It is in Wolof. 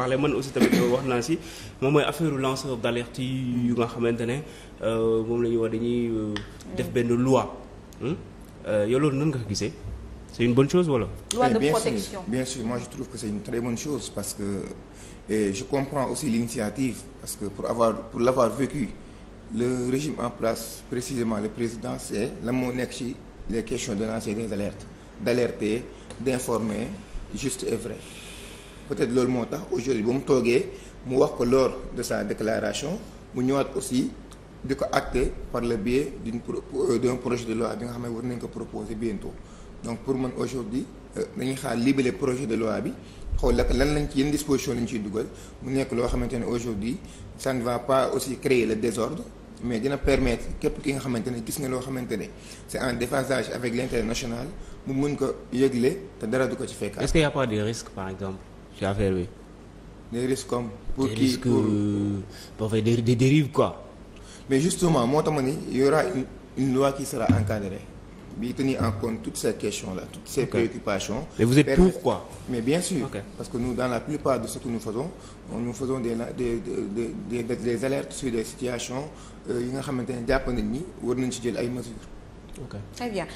parler man aussi tamit euh, wax naa si moom mooy affaire lanceur d'alerte yi yu nga xamante ne euh, moom la ñuy wax dañuy euh, def benn loi hmm? yow loolu nan nga ko gisee c'est une bonne chose wala. loi eh, de protection bien sûr moi je trouve que c'est une très bonne chose parce que et je comprends aussi l'initiative parce que pour avoir pour l'avoir vécu le régime en place précisément le président c'est la moo nekk ci les questions de lancer des alertes d'alerter d'informer juste et vrai peut-être loolu moo tax aujourd'hui ba mu toogee mu wax ko lors de sa déclaration mu ñëwaat aussi di ko acté par le biais d'une euh, d'un projet de loi bi nga xam ne war nañ ko proposer bientôt donc pour man aujourd'hui euh, dañuy xaar libellé projet de loi bi xool lan lañ ci yenn disposition lañ ciy dugal mu nekk loo xamante ne aujourd'hui ça ne va pas aussi créer le désordre mais dina permettre képp ki nga xamante ne gis nga loo xamante ne c'est un déphasage avec l'intérêt national mu ko yëgle te dara du ko ci fekk. Est-ce qu'il y a ci affaire bi. des comme pour des qui risques, pour euh, pour faire des, des dérives quoi. mais justement moo tax ma ni y aura une, une loi qui sera encadrée bi tenir en compte toutes ces questions là toutes ces préoccupations. mais vous êtes pour quoi. mais bien sûr. parce que nous dans la plupart de ce que nous faisons nous faisons des des des des, alertes sur des situations euh, yi nga xamante ne jàpp nañ ni war nañ ci jël ay mesures. très bien.